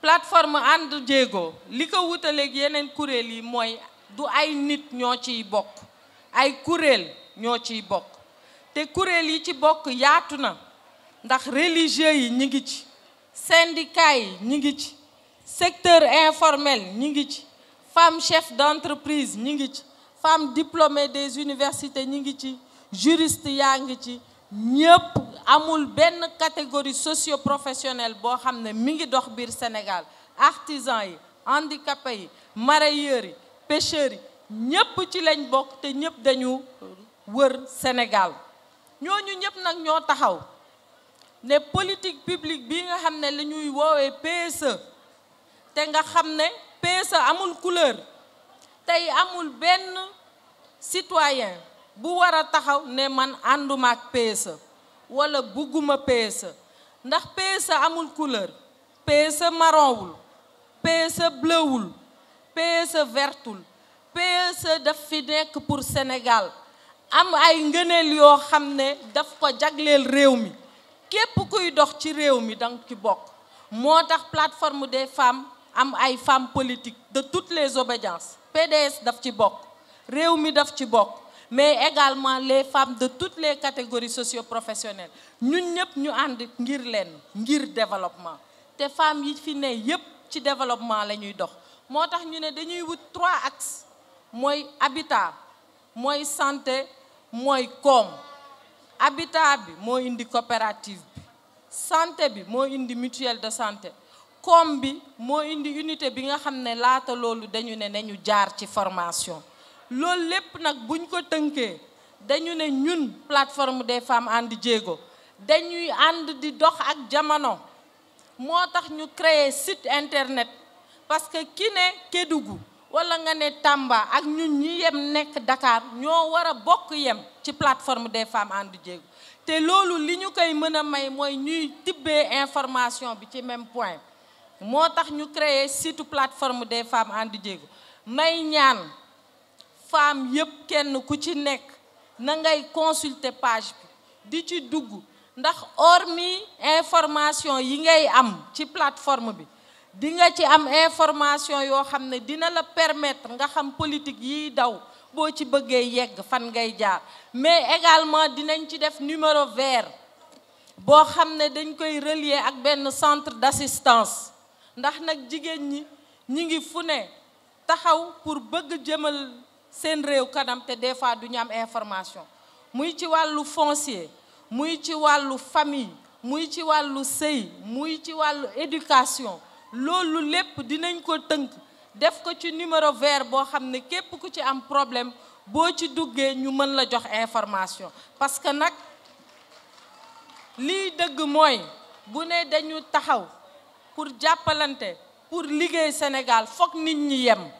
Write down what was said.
plateforme ànd jéego li ko wutaleeg yeneen kuréel yi mooy du ay nit ñoo ciy bokk ay kuréel ñoo ciy bokk te kuréel yi ci bokk yaatu na ndax religieux yi ñi ngi ci syndicat yi ñi ngi ci secteur informel ñi ngi ci femme chef d'entreprise ñi ngi ci femme diplômée des universités ñi ngi ci jurist yaa ngi ci ñëpp amul benn catégorie socio-professionnelle boo xam ne mi ngi dox biir Sénégal artisan yi handicapés yi mareyeurs yi pêcheurs yi ñëpp ci lañ bokk te ñëpp dañu wër Sénégal ñooñu ñëpp nag ñoo taxaw ne politique publique bi nga xam ne la ñuy woowee PSE te nga xam ne PSE amul couleur tey amul benn citoyen bu wara taxaw ne man anduma ak e wala buguma pesa ndax pesa amul couleur pesa marronul, pesa bleuwul pesa vertul pesa daf fi nek pour Sénégal am ay ngëneel yo xamne ne daf ko jaglel rewmi kep képp kuy dox ci rewmi mi ci plateforme des femmes am ay femmes politiques de toutes les obédiences PDS daf ci bok rewmi daf ci bok mais également les femmes de toutes les catégories socio-professionnelles ñun tous ñu train ngir faire ngir développement Les femmes yi fi tous en ci développement la ñuy dox moo tax ñu trois axes L'habitat, habitat santé et com habitat bi moo indi coopérative bi santé bi une indi mutuelle de santé com bi une indi unité bi nga xam ne laata loolu formation loolu lépp nag buñ ko tënkee dañu ne ñun plateforme des femmes ànd jéego dañuy ànd di dox ak jamono moo tax ñu créer site internet parce que ki ne Kédougou wala nga ne Tamba ak ñu ñi yem nekk Dakar ñoo war a bokk yem ci plateforme des femmes ànd jéego te loolu li ñu koy mën a may mooy ñuy tibbee information bi ci même point moo tax ñu créer site plateforme des femmes ànd jéego may ñaan femme yëpp kenn ku ci nek na ngay consulter page bi di ci dugg ndax hormis information yi ngay am ci plateforme bi di nga ci am information yo xamne ne dina la permettre nga xam politique yi daw bo ci bëggee yegg fan ngay jaar mais également dinañ ci def numéro vert bo xamne ne dañ koy relier ak ben centre d'assistance ndax nak jigéen ñi ñi ngi fune taxaw pour bëgg jëmal sen réew kanam te des fois du ñu am information muy ci walu foncier muy ci walu famille muy ci walu sey muy ci walu éducation loolu lepp dinañ ko teunk def ko ci numéro vert bo xamné képp ku ci am problème bo ci duggé ñu mën la jox information parce que nak li dëgg moy bu né dañu taxaw pour jàppalante pour liggéey Sénégal foog nit ñi yem